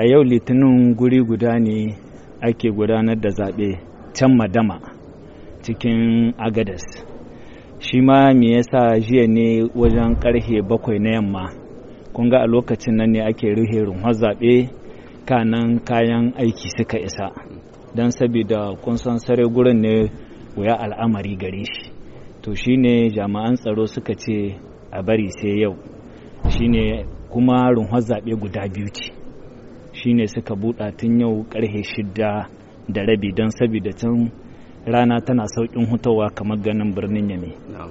a yau litinin guri guda ne ake gudanar da zaɓe can madama cikin agadas shi ma me yasa jiya ne wajen ƙarfe bakwai na yamma kun ga a lokacin nan ne ake rufe runhar zaɓe kanan kayan aiki suka isa don saboda kun san sare gurin ne wuya al'amari gare shi to shi ne jami'an tsaro suka ce a bari sai yau shi ne kuma runhar zaɓe guda biyu ce shi ne suka buɗa tun yau ƙarfe shida da rabi don saboda can rana tana sauƙin hutawa kamar ganin birnin yame